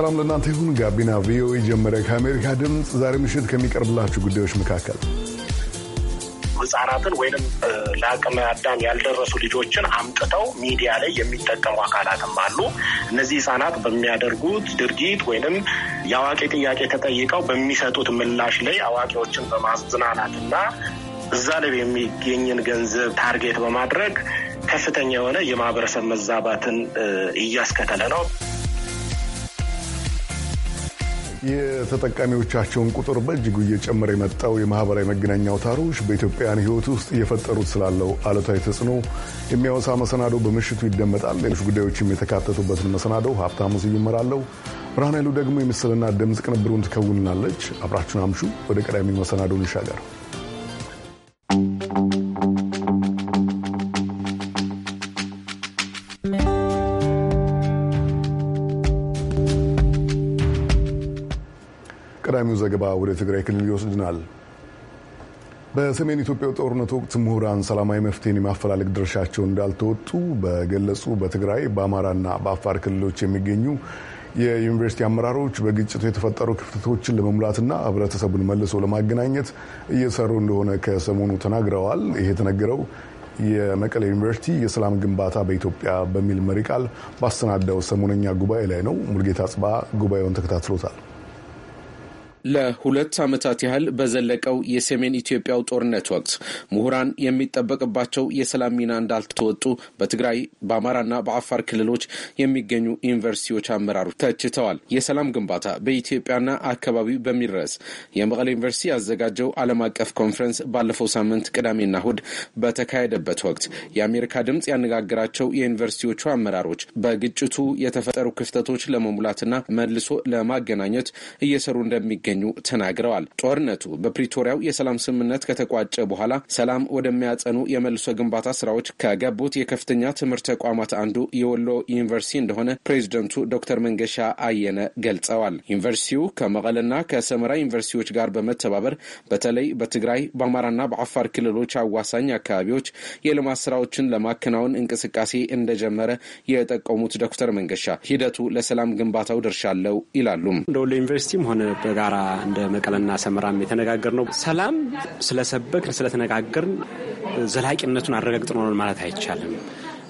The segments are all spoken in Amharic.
ሰላም ለእናንተ ይሁን። ጋቢና ቪኦኤ ጀመረ። ከአሜሪካ ድምፅ ዛሬ ምሽት ከሚቀርብላችሁ ጉዳዮች መካከል ህጻናትን ወይንም ለአቅመ አዳም ያልደረሱ ልጆችን አምጥተው ሚዲያ ላይ የሚጠቀሙ አካላትም አሉ። እነዚህ ህጻናት በሚያደርጉት ድርጊት ወይንም የአዋቂ ጥያቄ ተጠይቀው በሚሰጡት ምላሽ ላይ አዋቂዎችን በማዝናናትና እዛ ላይ የሚገኝን ገንዘብ ታርጌት በማድረግ ከፍተኛ የሆነ የማህበረሰብ መዛባትን እያስከተለ ነው። የተጠቃሚዎቻቸውን ቁጥር በእጅጉ እየጨመረ የመጣው የማህበራዊ መገናኛ አውታሮች በኢትዮጵያን ሕይወት ውስጥ እየፈጠሩት ስላለው አሉታዊ ተጽዕኖ የሚያወሳ መሰናዶ በምሽቱ ይደመጣል። ሌሎች ጉዳዮችም የተካተቱበትን መሰናዶ ሀብታሙ ስዩም እመራለሁ። ብርሃን ኃይሉ ደግሞ የምስልና ድምፅ ቅንብሩን ትከውንናለች። አብራችሁን አምሹ። ወደ ቀዳሚ መሰናዶ እንሻገር። ቀዳሚው ዘገባ ወደ ትግራይ ክልል ይወስድናል። በሰሜን ኢትዮጵያ ጦርነት ወቅት ምሁራን ሰላማዊ መፍትሄን የማፈላለግ ድርሻቸውን እንዳልተወጡ በገለጹ በትግራይ በአማራና በአፋር ክልሎች የሚገኙ የዩኒቨርሲቲ አመራሮች በግጭቱ የተፈጠሩ ክፍተቶችን ለመሙላትና ህብረተሰቡን መልሶ ለማገናኘት እየሰሩ እንደሆነ ከሰሞኑ ተናግረዋል። ይህ የተነገረው የመቀለ ዩኒቨርሲቲ የሰላም ግንባታ በኢትዮጵያ በሚል መሪ ቃል ባሰናዳው ሰሞነኛ ጉባኤ ላይ ነው። ሙልጌታ ጽባ ጉባኤውን ተከታትሎታል። ለሁለት ዓመታት ያህል በዘለቀው የሰሜን ኢትዮጵያው ጦርነት ወቅት ምሁራን የሚጠበቅባቸው የሰላም ሚና እንዳልተወጡ በትግራይ በአማራና በአፋር ክልሎች የሚገኙ ዩኒቨርሲቲዎች አመራሩ ተችተዋል። የሰላም ግንባታ በኢትዮጵያና አካባቢው በሚል ርዕስ የመቀሌ ዩኒቨርሲቲ ያዘጋጀው ዓለም አቀፍ ኮንፈረንስ ባለፈው ሳምንት ቅዳሜና እሁድ በተካሄደበት ወቅት የአሜሪካ ድምፅ ያነጋገራቸው የዩኒቨርሲቲዎቹ አመራሮች በግጭቱ የተፈጠሩ ክፍተቶች ለመሙላትና መልሶ ለማገናኘት እየሰሩ እንደሚገ እንደሚገኙ ተናግረዋል። ጦርነቱ በፕሪቶሪያው የሰላም ስምምነት ከተቋጨ በኋላ ሰላም ወደሚያጸኑ የመልሶ ግንባታ ስራዎች ከገቡት የከፍተኛ ትምህርት ተቋማት አንዱ የወሎ ዩኒቨርሲቲ እንደሆነ ፕሬዚደንቱ ዶክተር መንገሻ አየነ ገልጸዋል። ዩኒቨርሲቲው ከመቀለና ከሰመራ ዩኒቨርሲቲዎች ጋር በመተባበር በተለይ በትግራይ በአማራና በአፋር ክልሎች አዋሳኝ አካባቢዎች የልማት ስራዎችን ለማከናወን እንቅስቃሴ እንደጀመረ የጠቀሙት ዶክተር መንገሻ ሂደቱ ለሰላም ግንባታው ድርሻ አለው ይላሉም። እንደ ወሎ ዩኒቨርሲቲም ሆነ በጋራ እንደ መቀለና ሰመራም የተነጋገር ነው። ሰላም ስለሰበክን ስለተነጋገርን ዘላቂነቱን ነው ማለት አይቻልም።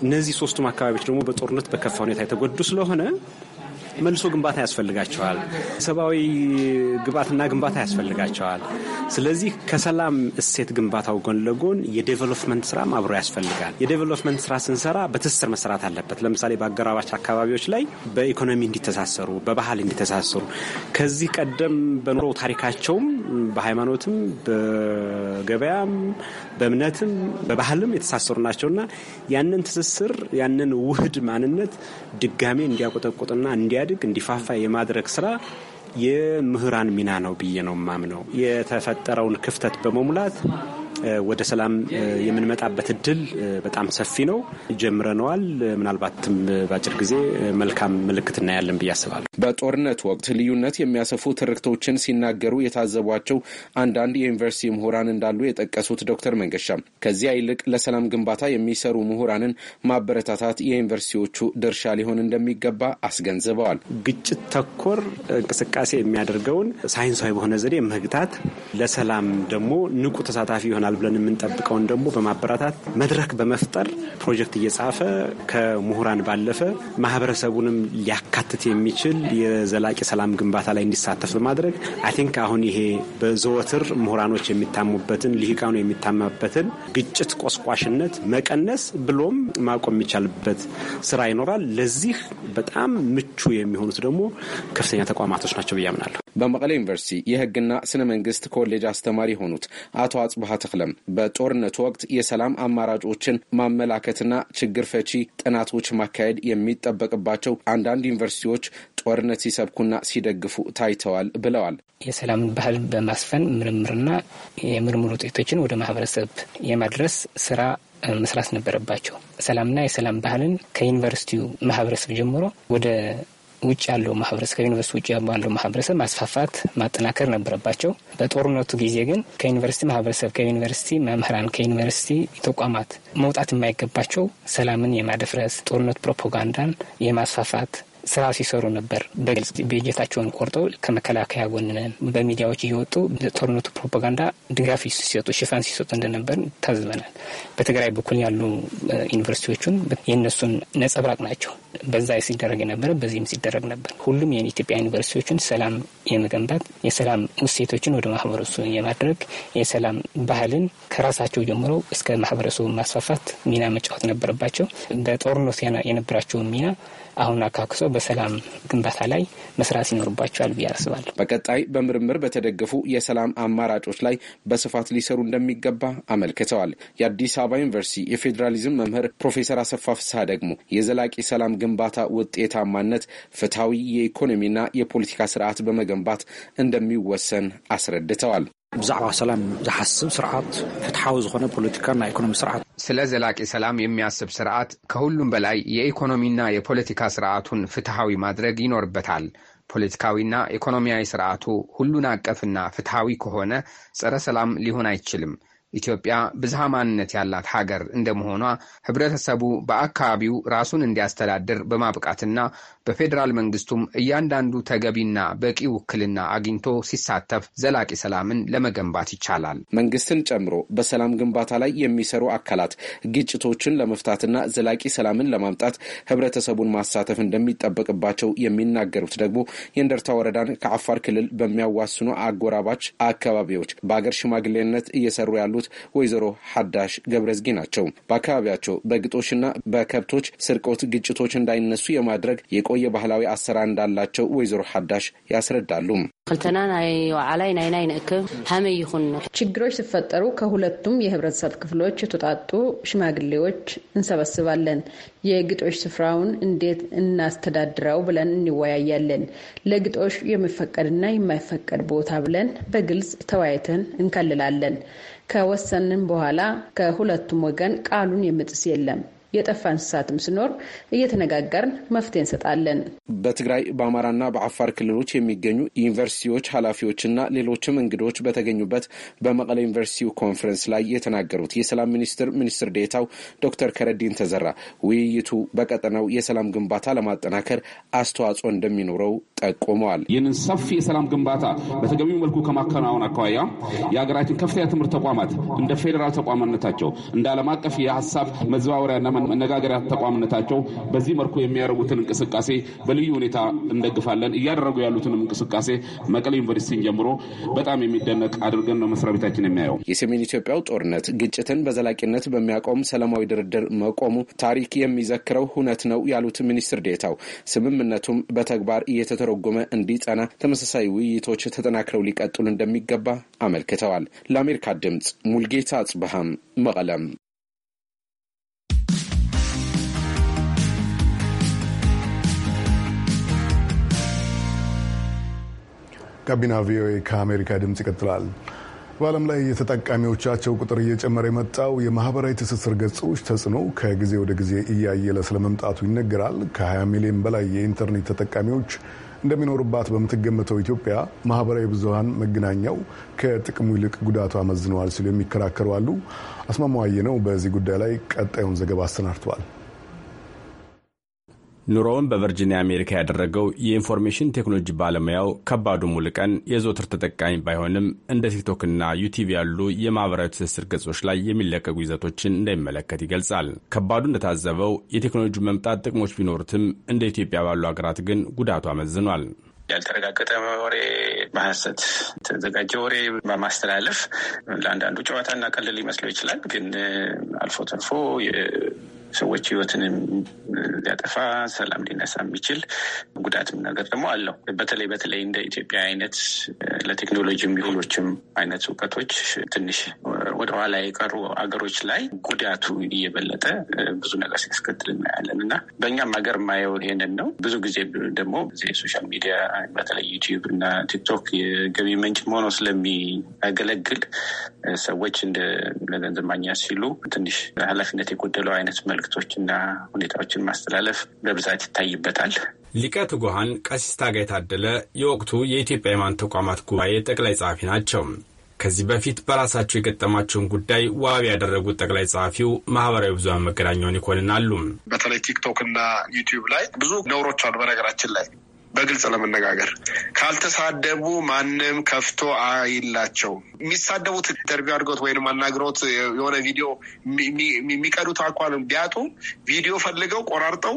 እነዚህ ሶስቱም አካባቢዎች ደግሞ በጦርነት በከፋ ሁኔታ የተጎዱ ስለሆነ መልሶ ግንባታ ያስፈልጋቸዋል። ሰብአዊ ግብአትና ግንባታ ያስፈልጋቸዋል። ስለዚህ ከሰላም እሴት ግንባታው ጎን ለጎን የዴቨሎፕመንት ስራ አብሮ ያስፈልጋል። የዴቨሎፕመንት ስራ ስንሰራ በትስስር መሰራት አለበት። ለምሳሌ በአገራባች አካባቢዎች ላይ በኢኮኖሚ እንዲተሳሰሩ፣ በባህል እንዲተሳሰሩ ከዚህ ቀደም በኑሮ ታሪካቸውም በሃይማኖትም በገበያም በእምነትም በባህልም የተሳሰሩ ናቸውና ያንን ትስስር ያንን ውህድ ማንነት ድጋሜ እንዲያቆጠቁጥና እንዲያድ እንዲያድግ እንዲፋፋ የማድረግ ስራ የምህራን ሚና ነው ብዬ ነው የማምነው። የተፈጠረውን ክፍተት በመሙላት ወደ ሰላም የምንመጣበት እድል በጣም ሰፊ ነው። ጀምረነዋል። ምናልባትም በአጭር ጊዜ መልካም ምልክት እናያለን ብዬ አስባለሁ። በጦርነት ወቅት ልዩነት የሚያሰፉ ትርክቶችን ሲናገሩ የታዘቧቸው አንዳንድ የዩኒቨርሲቲ ምሁራን እንዳሉ የጠቀሱት ዶክተር መንገሻ ከዚያ ይልቅ ለሰላም ግንባታ የሚሰሩ ምሁራንን ማበረታታት የዩኒቨርሲቲዎቹ ድርሻ ሊሆን እንደሚገባ አስገንዝበዋል። ግጭት ተኮር እንቅስቃሴ የሚያደርገውን ሳይንሳዊ በሆነ ዘዴ መግታት፣ ለሰላም ደግሞ ንቁ ተሳታፊ ይሆናል ይሆናል ብለን የምንጠብቀውን ደግሞ በማበረታት መድረክ በመፍጠር ፕሮጀክት እየጻፈ ከምሁራን ባለፈ ማህበረሰቡንም ሊያካትት የሚችል የዘላቂ ሰላም ግንባታ ላይ እንዲሳተፍ በማድረግ አይ ቲንክ አሁን ይሄ በዘወትር ምሁራኖች የሚታሙበትን ልሂቃኑ የሚታማበትን ግጭት ቆስቋሽነት መቀነስ ብሎም ማቆም የሚቻልበት ስራ ይኖራል። ለዚህ በጣም ምቹ የሚሆኑት ደግሞ ከፍተኛ ተቋማቶች ናቸው ብዬ አምናለሁ። በመቀሌ ዩኒቨርሲቲ የህግና ስነ መንግስት ኮሌጅ አስተማሪ የሆኑት አቶ አጽባሀ ተክለ አልቻለም። በጦርነቱ ወቅት የሰላም አማራጮችን ማመላከትና ችግር ፈቺ ጥናቶች ማካሄድ የሚጠበቅባቸው አንዳንድ ዩኒቨርሲቲዎች ጦርነት ሲሰብኩና ሲደግፉ ታይተዋል ብለዋል። የሰላምን ባህል በማስፈን ምርምርና የምርምር ውጤቶችን ወደ ማህበረሰብ የማድረስ ስራ መስራት ነበረባቸው። ሰላምና የሰላም ባህልን ከዩኒቨርሲቲው ማህበረሰብ ጀምሮ ወደ ውጭ ያለው ማህበረሰብ ከዩኒቨርስቲ ውጭ ያለው ማህበረሰብ ማስፋፋት ማጠናከር ነበረባቸው። በጦርነቱ ጊዜ ግን ከዩኒቨርስቲ ማህበረሰብ፣ ከዩኒቨርስቲ መምህራን፣ ከዩኒቨርስቲ ተቋማት መውጣት የማይገባቸው ሰላምን የማደፍረስ ጦርነት ፕሮፓጋንዳን የማስፋፋት ስራ ሲሰሩ ነበር። በግልጽ በጀታቸውን ቆርጠው ከመከላከያ ጎን በሚዲያዎች እየወጡ ለጦርነቱ ፕሮፓጋንዳ ድጋፍ ሲሰጡ፣ ሽፋን ሲሰጡ እንደነበር ታዝበናል። በትግራይ በኩል ያሉ ዩኒቨርሲቲዎቹን የእነሱን ነጸብራቅ ናቸው። በዛ ሲደረግ የነበረ በዚህም ሲደረግ ነበር። ሁሉም የኢትዮጵያ ዩኒቨርሲቲዎችን ሰላም የመገንባት የሰላም ውሴቶችን ወደ ማህበረሰቡ የማድረግ የሰላም ባህልን ከራሳቸው ጀምሮ እስከ ማህበረሰቡ ማስፋፋት ሚና መጫወት ነበረባቸው። በጦርነት የነበራቸውን ሚና አሁን አካክሶ በሰላም ግንባታ ላይ መስራት ይኖርባቸዋል ብዬ አስባለሁ። በቀጣይ በምርምር በተደገፉ የሰላም አማራጮች ላይ በስፋት ሊሰሩ እንደሚገባ አመልክተዋል። የአዲስ አበባ ዩኒቨርሲቲ የፌዴራሊዝም መምህር ፕሮፌሰር አሰፋ ፍስሐ ደግሞ የዘላቂ ሰላም ግንባታ ውጤታማነት ፍትሐዊ የኢኮኖሚና የፖለቲካ ስርዓት በመገንባት እንደሚወሰን አስረድተዋል። ብዛዕባ ሰላም ዝሓስብ ስርዓት ፍትሓዊ ዝኾነ ፖለቲካን ናይ ኢኮኖሚ ስርዓት ስለ ዘላቂ ሰላም የሚያስብ ስርዓት ከሁሉም በላይ የኢኮኖሚና የፖለቲካ ስርዓቱን ፍትሐዊ ማድረግ ይኖርበታል። ፖለቲካዊና ኢኮኖሚያዊ ስርዓቱ ሁሉን አቀፍና ፍትሐዊ ከሆነ ጸረ ሰላም ሊሆን አይችልም። ኢትዮጵያ ብዝሃ ማንነት ያላት ሀገር እንደመሆኗ ሕብረተሰቡ በአካባቢው ራሱን እንዲያስተዳድር በማብቃትና በፌዴራል መንግስቱም እያንዳንዱ ተገቢና በቂ ውክልና አግኝቶ ሲሳተፍ ዘላቂ ሰላምን ለመገንባት ይቻላል። መንግስትን ጨምሮ በሰላም ግንባታ ላይ የሚሰሩ አካላት ግጭቶችን ለመፍታትና ዘላቂ ሰላምን ለማምጣት ህብረተሰቡን ማሳተፍ እንደሚጠበቅባቸው የሚናገሩት ደግሞ የእንደርታ ወረዳን ከአፋር ክልል በሚያዋስኑ አጎራባች አካባቢዎች በአገር ሽማግሌነት እየሰሩ ያሉት ወይዘሮ ሀዳሽ ገብረዝጊ ናቸው። በአካባቢያቸው በግጦሽና በከብቶች ስርቆት ግጭቶች እንዳይነሱ የማድረግ የቆ የቆየ ባህላዊ አሰራር እንዳላቸው ወይዘሮ ሓዳሽ ያስረዳሉ። ክልተና ናይ ዋዕላይ ናይ ናይ ንእክብ ሃመይ ይኹን ችግሮች ሲፈጠሩ ከሁለቱም የህብረተሰብ ክፍሎች የተውጣጡ ሽማግሌዎች እንሰበስባለን። የግጦሽ ስፍራውን እንዴት እናስተዳድረው ብለን እንወያያለን። ለግጦሽ የሚፈቀድና የማይፈቀድ ቦታ ብለን በግልጽ ተወያይተን እንከልላለን። ከወሰንን በኋላ ከሁለቱም ወገን ቃሉን የምጥስ የለም። የጠፋ እንስሳትም ሲኖር እየተነጋገርን መፍትሄ እንሰጣለን። በትግራይ በአማራና በአፋር ክልሎች የሚገኙ ዩኒቨርሲቲዎች ኃላፊዎችና ሌሎችም እንግዶች በተገኙበት በመቀለ ዩኒቨርሲቲው ኮንፈረንስ ላይ የተናገሩት የሰላም ሚኒስትር ሚኒስትር ዴታው ዶክተር ከረዲን ተዘራ ውይይቱ በቀጠናው የሰላም ግንባታ ለማጠናከር አስተዋጽኦ እንደሚኖረው ጠቁመዋል። ይህንን ሰፊ የሰላም ግንባታ በተገቢው መልኩ ከማከናወን አኳያ የሀገራችን ከፍተኛ ትምህርት ተቋማት እንደ ፌዴራል ተቋማነታቸው እንደ ዓለም አቀፍ የሀሳብ መዘዋወሪያና መነጋገሪያ ተቋምነታቸው በዚህ መልኩ የሚያደርጉትን እንቅስቃሴ በልዩ ሁኔታ እንደግፋለን። እያደረጉ ያሉትንም እንቅስቃሴ መቀሌ ዩኒቨርሲቲን ጀምሮ በጣም የሚደነቅ አድርገን ነው መስሪያ ቤታችን የሚያየው። የሰሜን ኢትዮጵያው ጦርነት ግጭትን በዘላቂነት በሚያቆም ሰላማዊ ድርድር መቆሙ ታሪክ የሚዘክረው ሁነት ነው ያሉት ሚኒስትር ዴታው ስምምነቱም በተግባር እየተተረጎመ እንዲጸና ተመሳሳይ ውይይቶች ተጠናክረው ሊቀጥሉ እንደሚገባ አመልክተዋል። ለአሜሪካ ድምጽ ሙልጌታ አጽበሃም መቀለም ጋቢና ቪኦኤ ከአሜሪካ ድምፅ ይቀጥላል። በዓለም ላይ የተጠቃሚዎቻቸው ቁጥር እየጨመረ የመጣው የማህበራዊ ትስስር ገጾች ተጽዕኖ ከጊዜ ወደ ጊዜ እያየለ ስለመምጣቱ ይነገራል። ከ20 ሚሊዮን በላይ የኢንተርኔት ተጠቃሚዎች እንደሚኖሩባት በምትገመተው ኢትዮጵያ ማህበራዊ ብዙሀን መገናኛው ከጥቅሙ ይልቅ ጉዳቱ አመዝነዋል ሲሉ የሚከራከሩ አሉ። አስማማዋዬ ነው በዚህ ጉዳይ ላይ ቀጣዩን ዘገባ አሰናድተዋል። ኑሮውን በቨርጂኒያ አሜሪካ ያደረገው የኢንፎርሜሽን ቴክኖሎጂ ባለሙያው ከባዱ ሙልቀን የዘወትር ተጠቃሚ ባይሆንም እንደ ቲክቶክና ዩቲዩብ ያሉ የማህበራዊ ትስስር ገጾች ላይ የሚለቀቁ ይዘቶችን እንደሚመለከት ይገልጻል። ከባዱ እንደታዘበው የቴክኖሎጂ መምጣት ጥቅሞች ቢኖሩትም እንደ ኢትዮጵያ ባሉ ሀገራት ግን ጉዳቱ አመዝኗል። ያልተረጋገጠ ወሬ በሀሰት የተዘጋጀ ወሬ በማስተላለፍ ለአንዳንዱ ጨዋታና ቀልል ሊመስለው ይችላል። ግን አልፎ ተርፎ ሰዎች ህይወትንም ሊያጠፋ ሰላም ሊነሳ የሚችል ጉዳትም ነገር ደግሞ አለው። በተለይ በተለይ እንደ ኢትዮጵያ አይነት ለቴክኖሎጂ የሚሆኖችም አይነት እውቀቶች ትንሽ ወደኋላ የቀሩ አገሮች ላይ ጉዳቱ እየበለጠ ብዙ ነገር ሲያስከትል እናያለን እና በእኛም ሀገር ማየው ይሄንን ነው። ብዙ ጊዜ ደግሞ የሶሻል ሚዲያ በተለይ ዩቲዩብ እና ቲክቶክ የገቢ ምንጭ መሆኖ ስለሚያገለግል ሰዎች እንደ ለገንዘብ ማግኛ ሲሉ ትንሽ ኃላፊነት የጎደለው አይነት መልእክቶች እና ሁኔታዎችን ማስተላለፍ በብዛት ይታይበታል። ሊቀ ትጉሃን ቀሲስ ታጋይ ታደለ የወቅቱ የኢትዮጵያ ሃይማኖት ተቋማት ጉባኤ ጠቅላይ ጸሐፊ ናቸው። ከዚህ በፊት በራሳቸው የገጠማቸውን ጉዳይ ዋቢ ያደረጉት ጠቅላይ ጸሐፊው ማህበራዊ ብዙሀን መገናኛውን ይኮንናሉ። በተለይ ቲክቶክ እና ዩቲዩብ ላይ ብዙ ነውሮች አሉ። በነገራችን ላይ በግልጽ ለመነጋገር ካልተሳደቡ ማንም ከፍቶ አይላቸው የሚሳደቡት ኢንተርቪው አድርገውት ወይም አናግረውት የሆነ ቪዲዮ የሚቀዱት አኳን ቢያጡ ቪዲዮ ፈልገው ቆራርጠው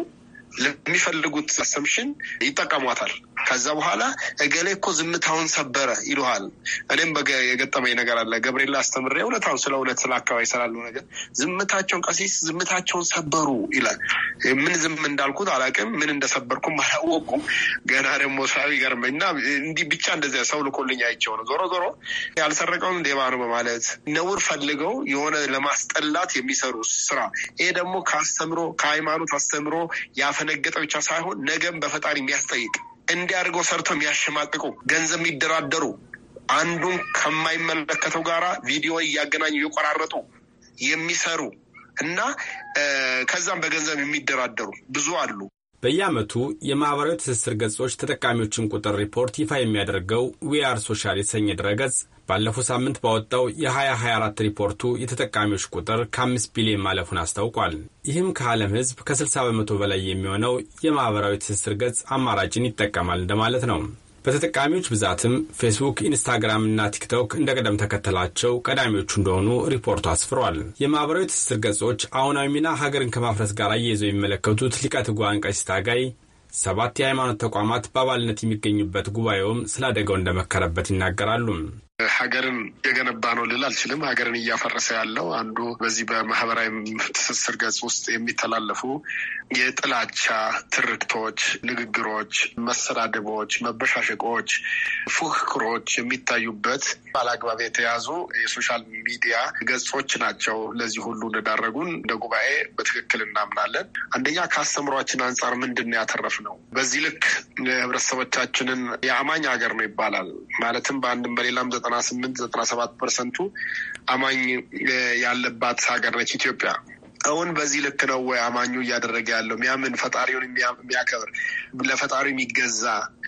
ለሚፈልጉት አሰምሽን ይጠቀሟታል። ከዛ በኋላ እገሌ እኮ ዝምታውን ሰበረ ይሉሃል። እኔም የገጠመኝ ነገር አለ። ገብርኤል አስተምሬ እውነታውን ስለ እውነት ስለ አካባቢ ስላለው ነገር ዝምታቸውን ቀሲስ ዝምታቸውን ሰበሩ ይላል። ምን ዝም እንዳልኩት አላውቅም፣ ምን እንደሰበርኩም አላወቁም። ገና ደግሞ ሳቢ ገርመኝ እና እንዲህ ብቻ እንደዚያ ሰው ልኮልኝ አይቼው ነው። ዞሮ ዞሮ ያልሰረቀውን ሌባ ነው በማለት ነውር ፈልገው የሆነ ለማስጠላት የሚሰሩ ስራ። ይሄ ደግሞ ከአስተምሮ ከሃይማኖት አስተምሮ ያፈነገጠ ብቻ ሳይሆን ነገም በፈጣሪ የሚያስጠይቅ እንዲያደርገው ሰርቶ የሚያሸማቅቁ ገንዘብ የሚደራደሩ አንዱን ከማይመለከተው ጋር ቪዲዮ እያገናኙ እየቆራረጡ የሚሰሩ እና ከዛም በገንዘብ የሚደራደሩ ብዙ አሉ። በየዓመቱ የማኅበራዊ ትስስር ገጾች ተጠቃሚዎችን ቁጥር ሪፖርት ይፋ የሚያደርገው ዊአር ሶሻል የተሰኘ ድረገጽ ባለፈው ሳምንት ባወጣው የ2024 ሪፖርቱ የተጠቃሚዎች ቁጥር ከ5 ቢሊዮን ማለፉን አስታውቋል። ይህም ከዓለም ሕዝብ ከ60 በመቶ በላይ የሚሆነው የማኅበራዊ ትስስር ገጽ አማራጭን ይጠቀማል እንደማለት ነው። በተጠቃሚዎች ብዛትም ፌስቡክ፣ ኢንስታግራም እና ቲክቶክ እንደ ቅደም ተከተላቸው ቀዳሚዎቹ እንደሆኑ ሪፖርቱ አስፍሯል። የማኅበራዊ ትስስር ገጾች አሁናዊ ሚና ሀገርን ከማፍረስ ጋር እየይዘው የሚመለከቱት ሊቀ ትጉሃን ቀሲስ ታጋይ ሰባት የሃይማኖት ተቋማት በአባልነት የሚገኙበት ጉባኤውም ስለ አደጋው እንደመከረበት ይናገራሉ። ሀገርን የገነባ ነው ልል አልችልም። ሀገርን እያፈረሰ ያለው አንዱ በዚህ በማህበራዊ ትስስር ገጽ ውስጥ የሚተላለፉ የጥላቻ ትርክቶች፣ ንግግሮች፣ መሰዳደቦች፣ መበሻሸቆች፣ ፉክክሮች የሚታዩበት ባላግባብ የተያዙ የሶሻል ሚዲያ ገጾች ናቸው። ለዚህ ሁሉ እንደዳረጉን እንደ ጉባኤ በትክክል እናምናለን። አንደኛ ከአስተምሯችን አንጻር ምንድን ነው በዚህ ልክ ህብረተሰቦቻችንን የአማኝ ሀገር ነው ይባላል። ማለትም በአንድም በሌላም ዘጠና ዘጠና ስምንት ዘጠና ሰባት ፐርሰንቱ አማኝ ያለባት ሀገር ነች ኢትዮጵያ። እውን በዚህ ልክ ነው ወይ አማኙ እያደረገ ያለው? ሚያምን ፈጣሪውን የሚያከብር ለፈጣሪ የሚገዛ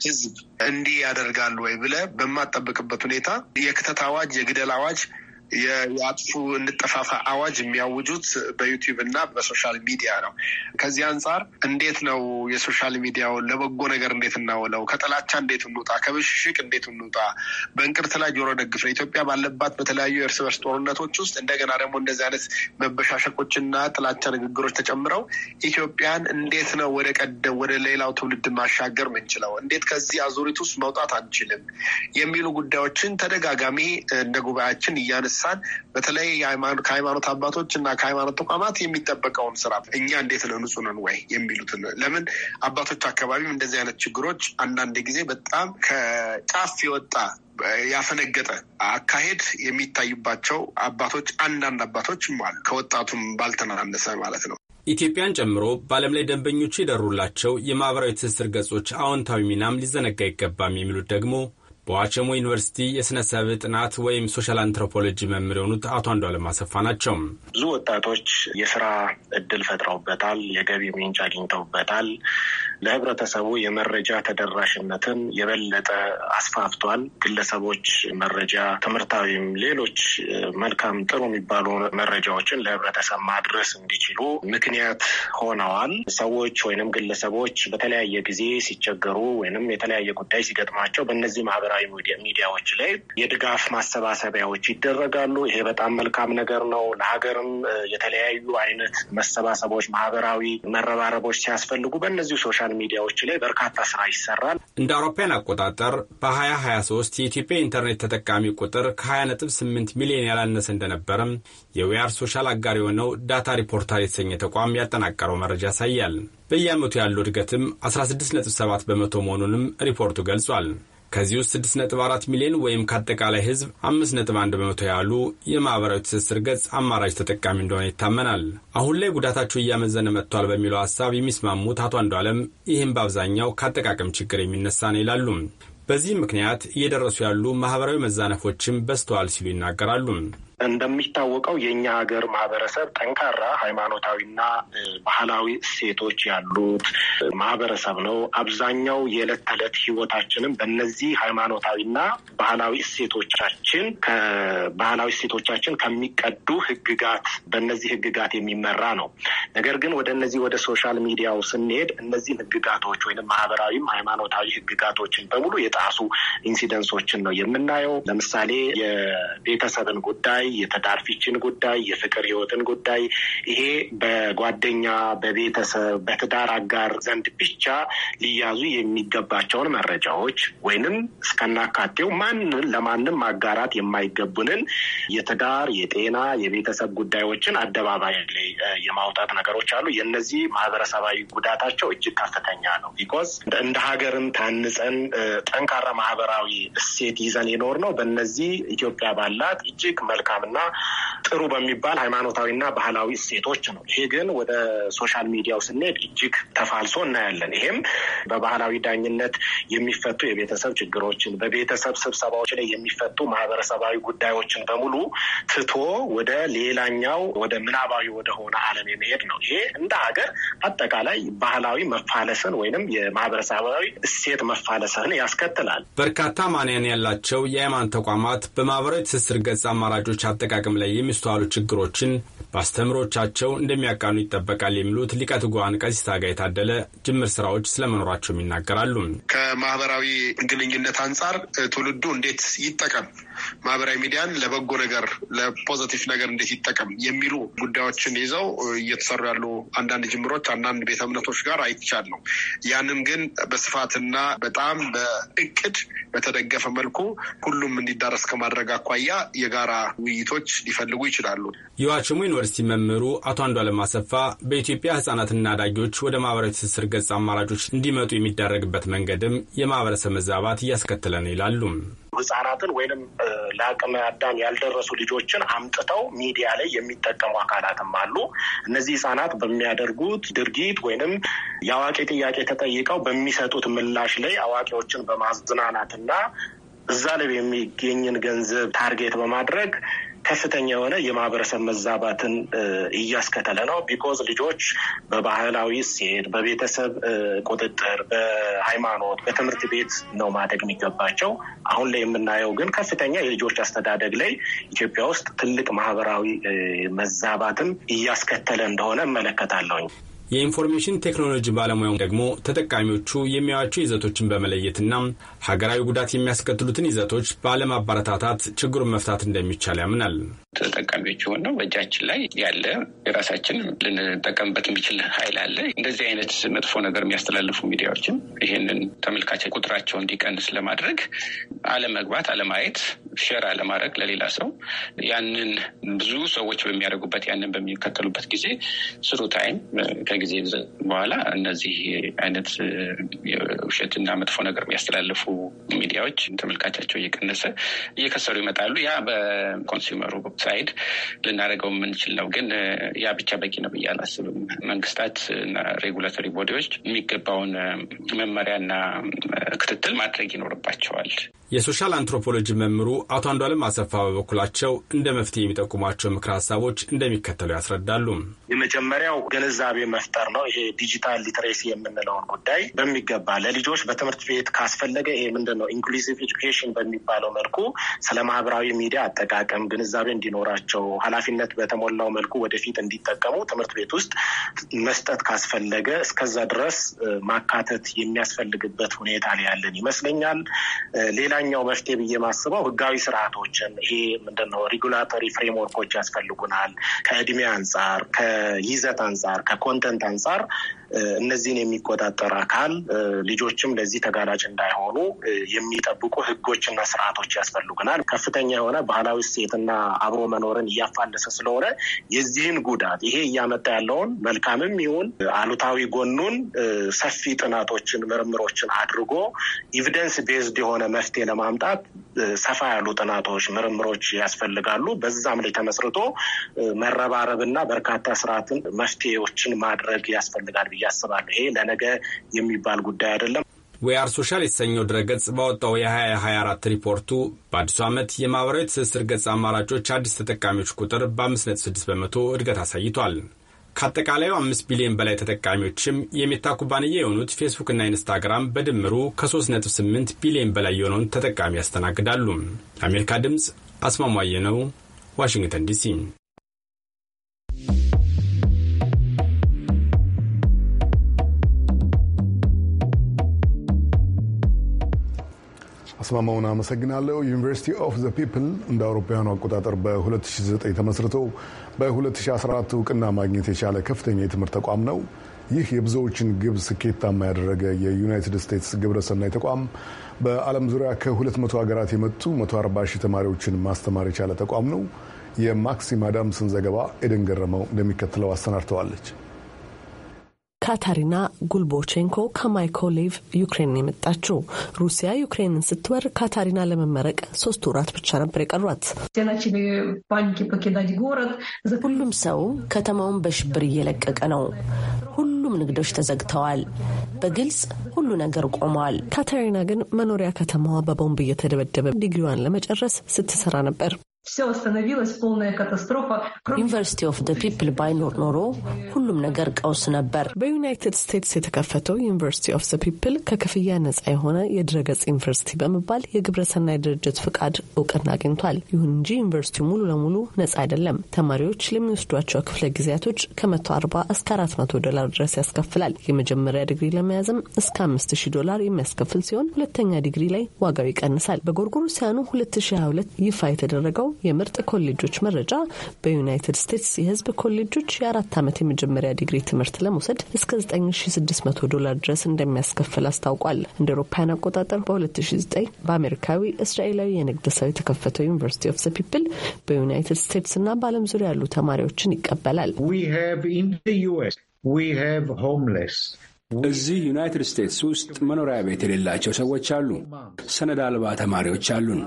ህዝብ እንዲህ ያደርጋሉ ወይ ብለ በማጠብቅበት ሁኔታ የክተት አዋጅ የግደል አዋጅ የአጥፉ እንጠፋፋ አዋጅ የሚያውጁት በዩቲዩብ እና በሶሻል ሚዲያ ነው። ከዚህ አንጻር እንዴት ነው የሶሻል ሚዲያውን ለበጎ ነገር እንዴት እናውለው? ከጥላቻ እንዴት እንውጣ? ከብሽሽቅ እንዴት እንውጣ? በእንቅርት ላይ ጆሮ ደግፍ ነው። ኢትዮጵያ ባለባት በተለያዩ የእርስ በርስ ጦርነቶች ውስጥ እንደገና ደግሞ እንደዚህ አይነት መበሻሸቆችና ጥላቻ ንግግሮች ተጨምረው ኢትዮጵያን እንዴት ነው ወደ ቀደም ወደ ሌላው ትውልድ ማሻገር ምንችለው? እንዴት ከዚህ አዙሪት ውስጥ መውጣት አንችልም? የሚሉ ጉዳዮችን ተደጋጋሚ እንደ ጉባኤያችን እያነ ልሳን በተለይ ከሃይማኖት አባቶች እና ከሃይማኖት ተቋማት የሚጠበቀውን ስራ እኛ እንዴት ለንጹህ ወይ የሚሉትን ለምን አባቶች አካባቢም እንደዚህ አይነት ችግሮች አንዳንድ ጊዜ በጣም ከጫፍ የወጣ ያፈነገጠ አካሄድ የሚታዩባቸው አባቶች አንዳንድ አባቶች አሉ። ከወጣቱም ባልተናነሰ ማለት ነው። ኢትዮጵያን ጨምሮ በዓለም ላይ ደንበኞቹ የደሩላቸው የማህበራዊ ትስስር ገጾች አዎንታዊ ሚናም ሊዘነጋ አይገባም የሚሉት ደግሞ በዋቸሞ ዩኒቨርሲቲ የሥነ ሰብ ጥናት ወይም ሶሻል አንትሮፖሎጂ መምህር የሆኑት አቶ አንዷለም አሰፋ ናቸው። ብዙ ወጣቶች የስራ እድል ፈጥረውበታል፣ የገቢ ምንጭ አግኝተውበታል። ለህብረተሰቡ የመረጃ ተደራሽነትን የበለጠ አስፋፍቷል። ግለሰቦች መረጃ ትምህርታዊም፣ ሌሎች መልካም ጥሩ የሚባሉ መረጃዎችን ለህብረተሰብ ማድረስ እንዲችሉ ምክንያት ሆነዋል። ሰዎች ወይንም ግለሰቦች በተለያየ ጊዜ ሲቸገሩ ወይንም የተለያየ ጉዳይ ሲገጥማቸው በእነዚህ ማህበራዊ ሚዲያዎች ላይ የድጋፍ ማሰባሰቢያዎች ይደረጋሉ። ይሄ በጣም መልካም ነገር ነው። ለሀገርም የተለያዩ አይነት መሰባሰቦች፣ ማህበራዊ መረባረቦች ሲያስፈልጉ በእነዚሁ ሶሻል ሶሻል ሚዲያዎች ላይ በርካታ ስራ ይሰራል። እንደ አውሮፓያን አቆጣጠር በ2023 የኢትዮጵያ ኢንተርኔት ተጠቃሚ ቁጥር ከ 28 ሚሊዮን ያላነሰ እንደነበርም የዊአር ሶሻል አጋር የሆነው ዳታ ሪፖርተር የተሰኘ ተቋም ያጠናቀረው መረጃ ያሳያል። በየዓመቱ ያለው እድገትም 16.7 በመቶ መሆኑንም ሪፖርቱ ገልጿል። ከዚህ ውስጥ 6.4 ሚሊዮን ወይም ከአጠቃላይ ህዝብ 5.1 በመቶ ያሉ የማህበራዊ ትስስር ገጽ አማራጭ ተጠቃሚ እንደሆነ ይታመናል። አሁን ላይ ጉዳታቸው እያመዘነ መጥቷል በሚለው ሀሳብ የሚስማሙት አቶ አንዱ ዓለም ይህም በአብዛኛው ከአጠቃቀም ችግር የሚነሳ ነው ይላሉ። በዚህ ምክንያት እየደረሱ ያሉ ማህበራዊ መዛነፎችም በስተዋል ሲሉ ይናገራሉ። እንደሚታወቀው የእኛ ሀገር ማህበረሰብ ጠንካራ ሃይማኖታዊና ባህላዊ እሴቶች ያሉት ማህበረሰብ ነው። አብዛኛው የዕለት ተዕለት ህይወታችንም በነዚህ ሃይማኖታዊና ባህላዊ እሴቶቻችን ከባህላዊ እሴቶቻችን ከሚቀዱ ህግጋት በነዚህ ህግጋት የሚመራ ነው። ነገር ግን ወደ እነዚህ ወደ ሶሻል ሚዲያው ስንሄድ እነዚህን ህግጋቶች ወይም ማህበራዊም ሃይማኖታዊ ህግጋቶችን በሙሉ የጣሱ ኢንሲደንሶችን ነው የምናየው። ለምሳሌ የቤተሰብን ጉዳይ ጉዳይ፣ የትዳር ፍቺን ጉዳይ፣ የፍቅር ህይወትን ጉዳይ ይሄ በጓደኛ በቤተሰብ በትዳር አጋር ዘንድ ብቻ ሊያዙ የሚገባቸውን መረጃዎች ወይንም እስከናካቴው ማን ለማንም ማጋራት የማይገቡንን የትዳር የጤና የቤተሰብ ጉዳዮችን አደባባይ ላይ የማውጣት ነገሮች አሉ። የነዚህ ማህበረሰባዊ ጉዳታቸው እጅግ ከፍተኛ ነው። ቢኮዝ እንደ ሀገርን ታንጸን ጠንካራ ማህበራዊ እሴት ይዘን የኖር ነው። በነዚህ ኢትዮጵያ ባላት እጅግ መልካ መልካምና ጥሩ በሚባል ሃይማኖታዊና ባህላዊ እሴቶች ነው። ይሄ ግን ወደ ሶሻል ሚዲያው ስንሄድ እጅግ ተፋልሶ እናያለን። ይሄም በባህላዊ ዳኝነት የሚፈቱ የቤተሰብ ችግሮችን፣ በቤተሰብ ስብሰባዎች ላይ የሚፈቱ ማህበረሰባዊ ጉዳዮችን በሙሉ ትቶ ወደ ሌላኛው ወደ ምናባዊ ወደሆነ ዓለም የመሄድ ነው። ይሄ እንደ ሀገር አጠቃላይ ባህላዊ መፋለስን ወይንም የማህበረሰባዊ እሴት መፋለስን ያስከትላል። በርካታ ማንያን ያላቸው የሃይማኖት ተቋማት በማህበራዊ ትስስር ገጽ አማራጮች አጠቃቀም ላይ የሚስተዋሉ ችግሮችን በአስተምሮቻቸው እንደሚያቃኑ ይጠበቃል የሚሉት ሊቀ ትጉሃን ቀሲስ ታጋይ የታደለ ጅምር ስራዎች ስለመኖራቸውም ይናገራሉ። ከማህበራዊ ግንኙነት አንጻር ትውልዱ እንዴት ይጠቀም ማህበራዊ ሚዲያን ለበጎ ነገር ለፖዘቲቭ ነገር እንዴት ይጠቀም የሚሉ ጉዳዮችን ይዘው እየተሰሩ ያሉ አንዳንድ ጅምሮች አንዳንድ ቤተ እምነቶች ጋር አይቻለሁ። ያንን ግን በስፋትና በጣም በእቅድ በተደገፈ መልኩ ሁሉም እንዲዳረስ ከማድረግ አኳያ የጋራ ውይይቶች ሊፈልጉ ይችላሉ። የዋቸሞ ዩኒቨርሲቲ መምህሩ አቶ አንዷለም አሰፋ በኢትዮጵያ ህጻናትና አዳጊዎች ወደ ማህበራዊ ትስስር ገጽ አማራጮች እንዲመጡ የሚደረግበት መንገድም የማህበረሰብ መዛባት እያስከተለ ነው ይላሉ። ህጻናትን ወይንም ለአቅመ አዳም ያልደረሱ ልጆችን አምጥተው ሚዲያ ላይ የሚጠቀሙ አካላትም አሉ። እነዚህ ህጻናት በሚያደርጉት ድርጊት ወይንም የአዋቂ ጥያቄ ተጠይቀው በሚሰጡት ምላሽ ላይ አዋቂዎችን በማዝናናትና እዛ ላይ የሚገኝን ገንዘብ ታርጌት በማድረግ ከፍተኛ የሆነ የማህበረሰብ መዛባትን እያስከተለ ነው። ቢኮዝ ልጆች በባህላዊ እሴት፣ በቤተሰብ ቁጥጥር፣ በሃይማኖት፣ በትምህርት ቤት ነው ማደግ የሚገባቸው። አሁን ላይ የምናየው ግን ከፍተኛ የልጆች አስተዳደግ ላይ ኢትዮጵያ ውስጥ ትልቅ ማህበራዊ መዛባትን እያስከተለ እንደሆነ እመለከታለሁኝ። የኢንፎርሜሽን ቴክኖሎጂ ባለሙያው ደግሞ ተጠቃሚዎቹ የሚያዩዋቸው ይዘቶችን በመለየትና ሀገራዊ ጉዳት የሚያስከትሉትን ይዘቶች ባለማበረታታት ችግሩን መፍታት እንደሚቻል ያምናል። ተጠቃሚዎች የሆነው በእጃችን ላይ ያለ የራሳችን ልንጠቀምበት የሚችል ኃይል አለ። እንደዚህ አይነት መጥፎ ነገር የሚያስተላልፉ ሚዲያዎችን ይህንን ተመልካች ቁጥራቸው እንዲቀንስ ለማድረግ አለመግባት፣ አለማየት፣ ሼር አለማድረግ ለሌላ ሰው ያንን ብዙ ሰዎች በሚያደርጉበት ያንን በሚከተሉበት ጊዜ ስሩ ታይም ከጊዜ በኋላ እነዚህ አይነት ውሸትና መጥፎ ነገር የሚያስተላልፉ ሚዲያዎች ተመልካቻቸው እየቀነሰ እየከሰሩ ይመጣሉ። ያ በኮንሱመሩ ሳይድ ልናደርገው ነው ግን ያ ብቻ በቂ ነው ብዬ አላስብም። መንግስታት እና ሬጉላቶሪ ቦዲዎች የሚገባውን መመሪያና ክትትል ማድረግ ይኖርባቸዋል። የሶሻል አንትሮፖሎጂ መምህሩ አቶ አንዷለም አሰፋ በበኩላቸው እንደ መፍትሄ የሚጠቁሟቸው ምክር ሀሳቦች እንደሚከተሉ ያስረዳሉ። የመጀመሪያው ግንዛቤ መፍጠር ነው። ይሄ ዲጂታል ሊትሬሲ የምንለውን ጉዳይ በሚገባ ለልጆች በትምህርት ቤት ካስፈለገ ይሄ ምንድን ነው ኢንክሉሲቭ ኤጁኬሽን በሚባለው መልኩ ስለ ማህበራዊ ሚዲያ አጠቃቀም ግንዛቤ እንዲኖራቸው፣ ኃላፊነት በተሞላው መልኩ ወደፊት እንዲጠቀሙ ትምህርት ቤት ውስጥ መስጠት ካስፈለገ እስከዛ ድረስ ማካተት የሚያስፈልግበት ሁኔታ ላይ ያለን ይመስለኛል። ሌላ ሌላኛው መፍትሄ ብዬ ማስበው ህጋዊ ስርዓቶችን ይሄ ምንድነው ሪጉላቶሪ ፍሬምወርኮች ያስፈልጉናል። ከእድሜ አንጻር፣ ከይዘት አንጻር፣ ከኮንተንት አንጻር እነዚህን የሚቆጣጠር አካል ልጆችም ለዚህ ተጋላጭ እንዳይሆኑ የሚጠብቁ ህጎችና ስርዓቶች ያስፈልጉናል። ከፍተኛ የሆነ ባህላዊ እሴትና አብሮ መኖርን እያፋለሰ ስለሆነ የዚህን ጉዳት ይሄ እያመጣ ያለውን መልካምም ይሁን አሉታዊ ጎኑን ሰፊ ጥናቶችን፣ ምርምሮችን አድርጎ ኢቪደንስ ቤዝድ የሆነ መፍትሄ ለማምጣት ሰፋ ያሉ ጥናቶች፣ ምርምሮች ያስፈልጋሉ። በዛም ላይ ተመስርቶ መረባረብና በርካታ ስርዓትን መፍትሄዎችን ማድረግ ያስፈልጋል። ብዬ አስባለሁ። ይሄ ለነገ የሚባል ጉዳይ አይደለም። ዌአር ሶሻል የተሰኘው ድረገጽ ባወጣው የ2024 ሪፖርቱ በአዲሱ ዓመት የማህበራዊ ትስስር ገጽ አማራጮች አዲስ ተጠቃሚዎች ቁጥር በ5.6 በመቶ እድገት አሳይቷል። ከአጠቃላዩ አምስት ቢሊዮን በላይ ተጠቃሚዎችም የሜታ ኩባንያ የሆኑት ፌስቡክና ኢንስታግራም በድምሩ ከ3.8 ቢሊዮን በላይ የሆነውን ተጠቃሚ ያስተናግዳሉ። የአሜሪካ ድምፅ አስማሟየ ነው፣ ዋሽንግተን ዲሲ አስማማውን አመሰግናለሁ። ዩኒቨርሲቲ ኦፍ ዘ ፒፕል እንደ አውሮፓውያኑ አቆጣጠር በ2009 ተመስርቶ በ2014 እውቅና ማግኘት የቻለ ከፍተኛ የትምህርት ተቋም ነው። ይህ የብዙዎችን ግብ ስኬታማ ያደረገ የዩናይትድ ስቴትስ ግብረሰናይ ተቋም በዓለም ዙሪያ ከ200 ሀገራት የመጡ 140 ሺህ ተማሪዎችን ማስተማር የቻለ ተቋም ነው። የማክሲም አዳምስን ዘገባ ኤደን ገረመው እንደሚከተለው አሰናድተዋለች። ካታሪና ጉልቦቼንኮ ከማይኮሌቭ ዩክሬን የመጣችው። ሩሲያ ዩክሬንን ስትወር ካታሪና ለመመረቅ ሶስት ወራት ብቻ ነበር የቀሯት። ሁሉም ሰው ከተማውን በሽብር እየለቀቀ ነው። ሁሉም ንግዶች ተዘግተዋል። በግልጽ ሁሉ ነገር ቆመዋል። ካታሪና ግን መኖሪያ ከተማዋ በቦምብ እየተደበደበ ዲግሪዋን ለመጨረስ ስትሰራ ነበር። все остановилось, полная катастрофа. ዩኒቨርሲቲ ኦፍ ደ ፒፕል ባይኖር ኖሮ ሁሉም ነገር ቀውስ ነበር። በዩናይትድ ስቴትስ የተከፈተው ዩኒቨርሲቲ ኦፍ ዘ ፒፕል ከክፍያ ነጻ የሆነ የድረገጽ ዩኒቨርሲቲ በመባል የግብረሰናይ ድርጅት ፍቃድ እውቅና አግኝቷል። ይሁን እንጂ ዩኒቨርሲቲው ሙሉ ለሙሉ ነጻ አይደለም። ተማሪዎች ለሚወስዷቸው ክፍለ ጊዜያቶች ከ140 እስከ 400 ዶላር ድረስ ያስከፍላል። የመጀመሪያ ዲግሪ ለመያዝም እስከ 50 ዶላር የሚያስከፍል ሲሆን ሁለተኛ ዲግሪ ላይ ዋጋው ይቀንሳል። በጎርጎሮሲያኑ 2022 ይፋ የተደረገው የምርጥ ኮሌጆች መረጃ በዩናይትድ ስቴትስ የህዝብ ኮሌጆች የአራት ዓመት የመጀመሪያ ዲግሪ ትምህርት ለመውሰድ እስከ 9600 ዶላር ድረስ እንደሚያስከፍል አስታውቋል። እንደ አውሮፓውያን አቆጣጠር በ2009 በአሜሪካዊ እስራኤላዊ የንግድ ሰው የተከፈተው ዩኒቨርሲቲ ኦፍ ዘ ፒፕል በዩናይትድ ስቴትስ እና በዓለም ዙሪያ ያሉ ተማሪዎችን ይቀበላል። እዚህ ዩናይትድ ስቴትስ ውስጥ መኖሪያ ቤት የሌላቸው ሰዎች አሉ። ሰነድ አልባ ተማሪዎች አሉን።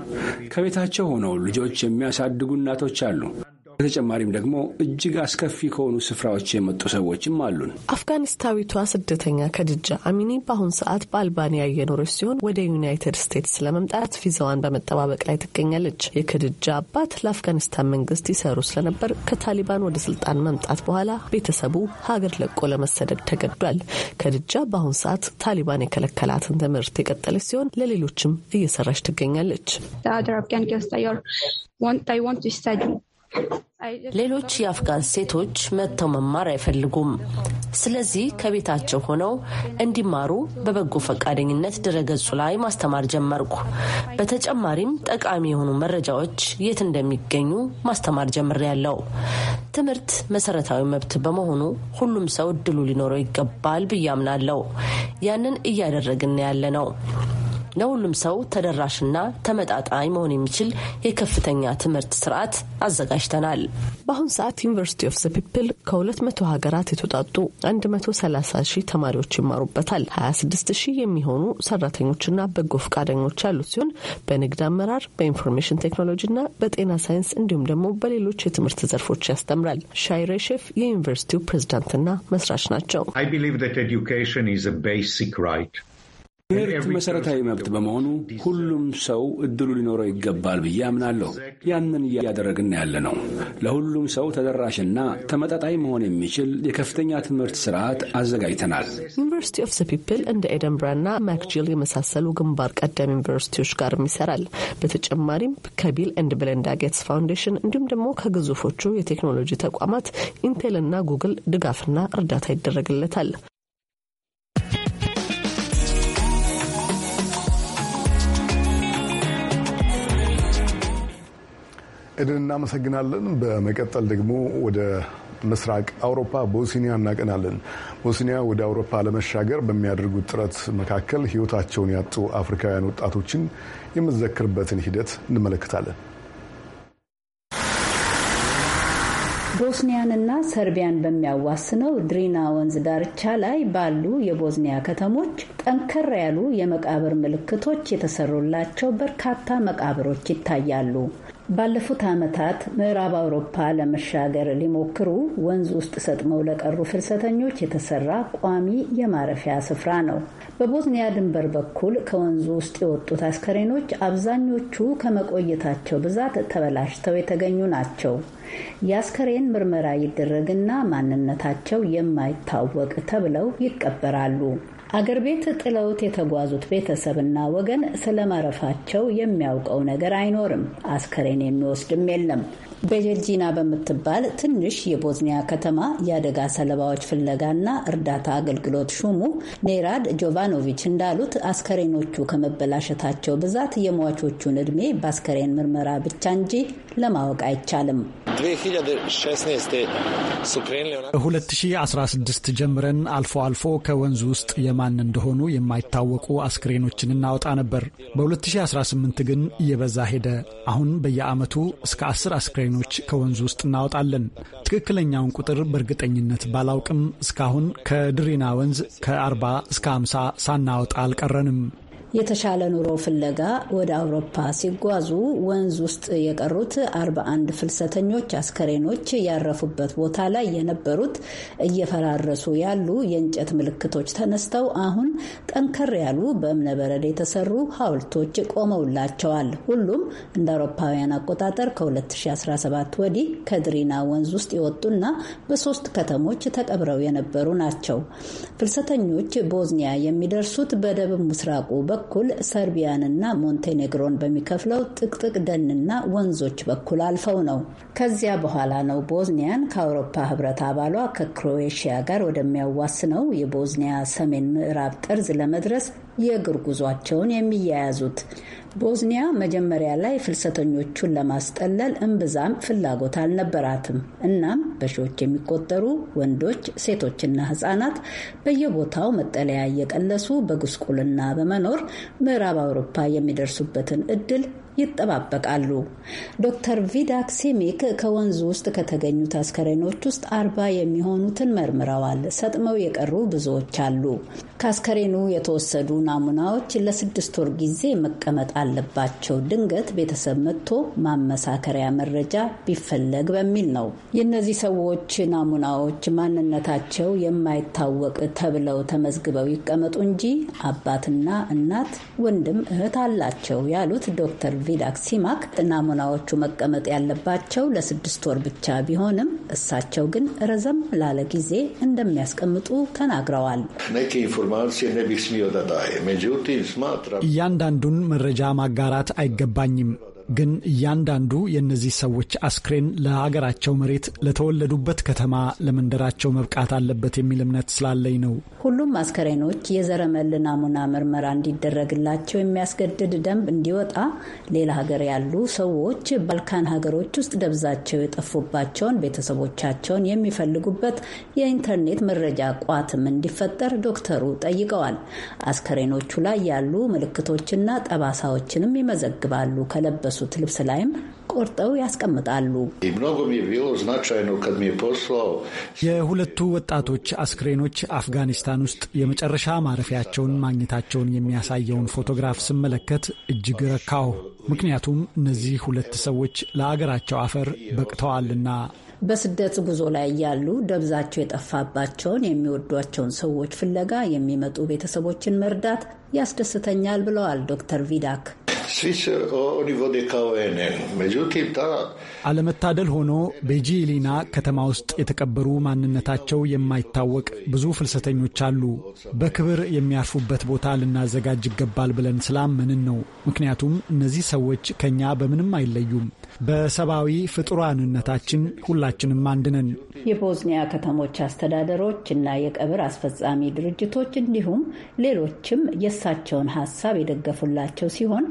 ከቤታቸው ሆነው ልጆች የሚያሳድጉ እናቶች አሉ። በተጨማሪም ደግሞ እጅግ አስከፊ ከሆኑ ስፍራዎች የመጡ ሰዎችም አሉን። አፍጋኒስታዊቷ ስደተኛ ከድጃ አሚኒ በአሁኑ ሰዓት በአልባንያ እየኖረች ሲሆን ወደ ዩናይትድ ስቴትስ ለመምጣት ቪዛዋን በመጠባበቅ ላይ ትገኛለች። የከድጃ አባት ለአፍጋኒስታን መንግስት ይሰሩ ስለነበር ከታሊባን ወደ ስልጣን መምጣት በኋላ ቤተሰቡ ሀገር ለቆ ለመሰደድ ተገዷል። ከድጃ በአሁኑ ሰዓት ታሊባን የከለከላትን ትምህርት የቀጠለች ሲሆን ለሌሎችም እየሰራች ትገኛለች። ሌሎች የአፍጋን ሴቶች መጥተው መማር አይፈልጉም። ስለዚህ ከቤታቸው ሆነው እንዲማሩ በበጎ ፈቃደኝነት ድረገጹ ላይ ማስተማር ጀመርኩ። በተጨማሪም ጠቃሚ የሆኑ መረጃዎች የት እንደሚገኙ ማስተማር ጀምሬያለሁ። ትምህርት መሰረታዊ መብት በመሆኑ ሁሉም ሰው እድሉ ሊኖረው ይገባል ብዬ አምናለሁ። ያንን እያደረግን ያለ ነው። ለሁሉም ሰው ተደራሽና ተመጣጣኝ መሆን የሚችል የከፍተኛ ትምህርት ስርዓት አዘጋጅተናል። በአሁን ሰዓት ዩኒቨርሲቲ ኦፍ ዘ ፒፕል ከ200 ሀገራት የተውጣጡ 130 ሺህ ተማሪዎች ይማሩበታል። 26 ሺህ የሚሆኑ ሰራተኞችና በጎ ፈቃደኞች ያሉት ሲሆን በንግድ አመራር፣ በኢንፎርሜሽን ቴክኖሎጂና በጤና ሳይንስ እንዲሁም ደግሞ በሌሎች የትምህርት ዘርፎች ያስተምራል። ሻይሬ ሼፍ የዩኒቨርሲቲው ፕሬዝዳንትና መስራች ናቸው። ትምህርት መሠረታዊ መብት በመሆኑ ሁሉም ሰው እድሉ ሊኖረው ይገባል ብዬ አምናለሁ። ያንን እያደረግን ያለ ነው። ለሁሉም ሰው ተደራሽና ተመጣጣኝ መሆን የሚችል የከፍተኛ ትምህርት ስርዓት አዘጋጅተናል። ዩኒቨርሲቲ ኦፍ ዘ ፒፕል እንደ ኤደንብራና ማክጂል የመሳሰሉ ግንባር ቀደም ዩኒቨርሲቲዎች ጋርም ይሰራል። በተጨማሪም ከቢል ኤንድ ብለንዳ ጌትስ ፋውንዴሽን እንዲሁም ደግሞ ከግዙፎቹ የቴክኖሎጂ ተቋማት ኢንቴልና ጉግል ድጋፍና እርዳታ ይደረግለታል። እድን እናመሰግናለን። በመቀጠል ደግሞ ወደ ምስራቅ አውሮፓ ቦስኒያ እናቀናለን። ቦስኒያ ወደ አውሮፓ ለመሻገር በሚያደርጉት ጥረት መካከል ሕይወታቸውን ያጡ አፍሪካውያን ወጣቶችን የምዘክርበትን ሂደት እንመለከታለን። ቦስኒያንና ሰርቢያን በሚያዋስነው ድሪና ወንዝ ዳርቻ ላይ ባሉ የቦዝኒያ ከተሞች ጠንከር ያሉ የመቃብር ምልክቶች የተሰሩላቸው በርካታ መቃብሮች ይታያሉ። ባለፉት ዓመታት ምዕራብ አውሮፓ ለመሻገር ሊሞክሩ ወንዝ ውስጥ ሰጥመው ለቀሩ ፍልሰተኞች የተሰራ ቋሚ የማረፊያ ስፍራ ነው። በቦዝኒያ ድንበር በኩል ከወንዙ ውስጥ የወጡት አስከሬኖች አብዛኞቹ ከመቆየታቸው ብዛት ተበላሽተው የተገኙ ናቸው። የአስከሬን ምርመራ ይደረግና ማንነታቸው የማይታወቅ ተብለው ይቀበራሉ። አገር ቤት ጥለውት የተጓዙት ቤተሰብና ወገን ስለማረፋቸው የሚያውቀው ነገር አይኖርም። አስከሬን የሚወስድም የለም። በጀልጂና በምትባል ትንሽ የቦዝኒያ ከተማ የአደጋ ሰለባዎች ፍለጋና እርዳታ አገልግሎት ሹሙ ኔራድ ጆቫኖቪች እንዳሉት አስከሬኖቹ ከመበላሸታቸው ብዛት የሟቾቹን እድሜ በአስከሬን ምርመራ ብቻ እንጂ ለማወቅ አይቻልም ከ2016 ጀምረን አልፎ አልፎ ከወንዙ ውስጥ የማን እንደሆኑ የማይታወቁ አስክሬኖችን እናወጣ ነበር። በ2018 ግን እየበዛ ሄደ። አሁን በየዓመቱ እስከ 10 አስክሬን አስከሬኖች ከወንዝ ውስጥ እናወጣለን። ትክክለኛውን ቁጥር በእርግጠኝነት ባላውቅም እስካሁን ከድሪና ወንዝ ከ40 እስከ 50 ሳናወጣ አልቀረንም። የተሻለ ኑሮ ፍለጋ ወደ አውሮፓ ሲጓዙ ወንዝ ውስጥ የቀሩት 41 ፍልሰተኞች አስከሬኖች ያረፉበት ቦታ ላይ የነበሩት እየፈራረሱ ያሉ የእንጨት ምልክቶች ተነስተው አሁን ጠንከር ያሉ በእብነበረድ የተሰሩ ሐውልቶች ቆመውላቸዋል። ሁሉም እንደ አውሮፓውያን አቆጣጠር ከ2017 ወዲህ ከድሪና ወንዝ ውስጥ የወጡና በሶስት ከተሞች ተቀብረው የነበሩ ናቸው። ፍልሰተኞች ቦዝኒያ የሚደርሱት በደቡብ ምስራቁ በ በኩል ሰርቢያንና ሞንቴኔግሮን በሚከፍለው ጥቅጥቅ ደንና ወንዞች በኩል አልፈው ነው። ከዚያ በኋላ ነው ቦዝኒያን ከአውሮፓ ህብረት አባሏ ከክሮኤሽያ ጋር ወደሚያዋስነው የቦዝኒያ ሰሜን ምዕራብ ጠርዝ ለመድረስ የእግር ጉዟቸውን የሚያያዙት። ቦዝኒያ መጀመሪያ ላይ ፍልሰተኞቹን ለማስጠለል እምብዛም ፍላጎት አልነበራትም። እናም በሺዎች የሚቆጠሩ ወንዶች፣ ሴቶችና ህጻናት በየቦታው መጠለያ እየቀለሱ በጉስቁልና በመኖር ምዕራብ አውሮፓ የሚደርሱበትን እድል ይጠባበቃሉ። ዶክተር ቪዳክ ሲሚክ ከወንዙ ውስጥ ከተገኙት አስከሬኖች ውስጥ አርባ የሚሆኑትን መርምረዋል። ሰጥመው የቀሩ ብዙዎች አሉ። ከአስከሬኑ የተወሰዱ ናሙናዎች ለስድስት ወር ጊዜ መቀመጥ አለባቸው። ድንገት ቤተሰብ መጥቶ ማመሳከሪያ መረጃ ቢፈለግ በሚል ነው። የእነዚህ ሰዎች ናሙናዎች ማንነታቸው የማይታወቅ ተብለው ተመዝግበው ይቀመጡ እንጂ አባትና እናት፣ ወንድም፣ እህት አላቸው ያሉት ዶክተር ቪዳክ ሲማክ ናሙናዎቹ መቀመጥ ያለባቸው ለስድስት ወር ብቻ ቢሆንም እሳቸው ግን ረዘም ላለ ጊዜ እንደሚያስቀምጡ ተናግረዋል። እያንዳንዱን መረጃ ማጋራት አይገባኝም። ግን እያንዳንዱ የእነዚህ ሰዎች አስክሬን ለሀገራቸው መሬት፣ ለተወለዱበት ከተማ፣ ለመንደራቸው መብቃት አለበት የሚል እምነት ስላለኝ ነው። ሁሉም አስከሬኖች የዘረመል ናሙና ምርመራ እንዲደረግላቸው የሚያስገድድ ደንብ እንዲወጣ ሌላ ሀገር ያሉ ሰዎች ባልካን ሀገሮች ውስጥ ደብዛቸው የጠፉባቸውን ቤተሰቦቻቸውን የሚፈልጉበት የኢንተርኔት መረጃ ቋትም እንዲፈጠር ዶክተሩ ጠይቀዋል። አስክሬኖቹ ላይ ያሉ ምልክቶችና ጠባሳዎችንም ይመዘግባሉ ከለበሱ በለበሱት ልብስ ላይም ቆርጠው ያስቀምጣሉ። የሁለቱ ወጣቶች አስክሬኖች አፍጋኒስታን ውስጥ የመጨረሻ ማረፊያቸውን ማግኘታቸውን የሚያሳየውን ፎቶግራፍ ስመለከት እጅግ ረካሁ። ምክንያቱም እነዚህ ሁለት ሰዎች ለአገራቸው አፈር በቅተዋልና። በስደት ጉዞ ላይ እያሉ ደብዛቸው የጠፋባቸውን የሚወዷቸውን ሰዎች ፍለጋ የሚመጡ ቤተሰቦችን መርዳት ያስደስተኛል ብለዋል ዶክተር ቪዳክ። svi se eh, oni vode kao ene. አለመታደል ሆኖ ቤጂሊና ከተማ ውስጥ የተቀበሩ ማንነታቸው የማይታወቅ ብዙ ፍልሰተኞች አሉ። በክብር የሚያርፉበት ቦታ ልናዘጋጅ ይገባል ብለን ስላመንን ነው። ምክንያቱም እነዚህ ሰዎች ከኛ በምንም አይለዩም። በሰብአዊ ፍጡራንነታችን ሁላችንም አንድ ነን። የቦዝኒያ ከተሞች አስተዳደሮች እና የቀብር አስፈጻሚ ድርጅቶች እንዲሁም ሌሎችም የእሳቸውን ሀሳብ የደገፉላቸው ሲሆን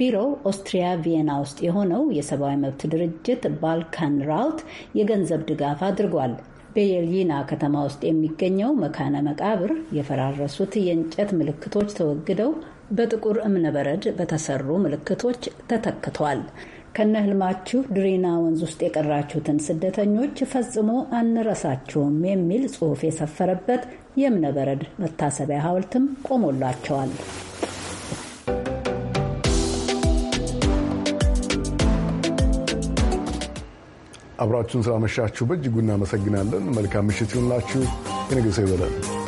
ቢሮው ኦስትሪያ ቪየና ውስጥ የሆነው የሰብአዊ መብት ድርጅት ባልካን ራውት የገንዘብ ድጋፍ አድርጓል። በየልይና ከተማ ውስጥ የሚገኘው መካነ መቃብር የፈራረሱት የእንጨት ምልክቶች ተወግደው በጥቁር እብነበረድ በተሰሩ ምልክቶች ተተክቷል። ከነህልማችሁ ድሪና ወንዝ ውስጥ የቀራችሁትን ስደተኞች ፈጽሞ አንረሳችሁም የሚል ጽሑፍ የሰፈረበት የእብነበረድ መታሰቢያ ሐውልትም ቆሞላቸዋል። አብራችሁን ስላመሻችሁ በእጅጉ እናመሰግናለን። መልካም ምሽት ይሁንላችሁ። የነገ ሰው ይበለን።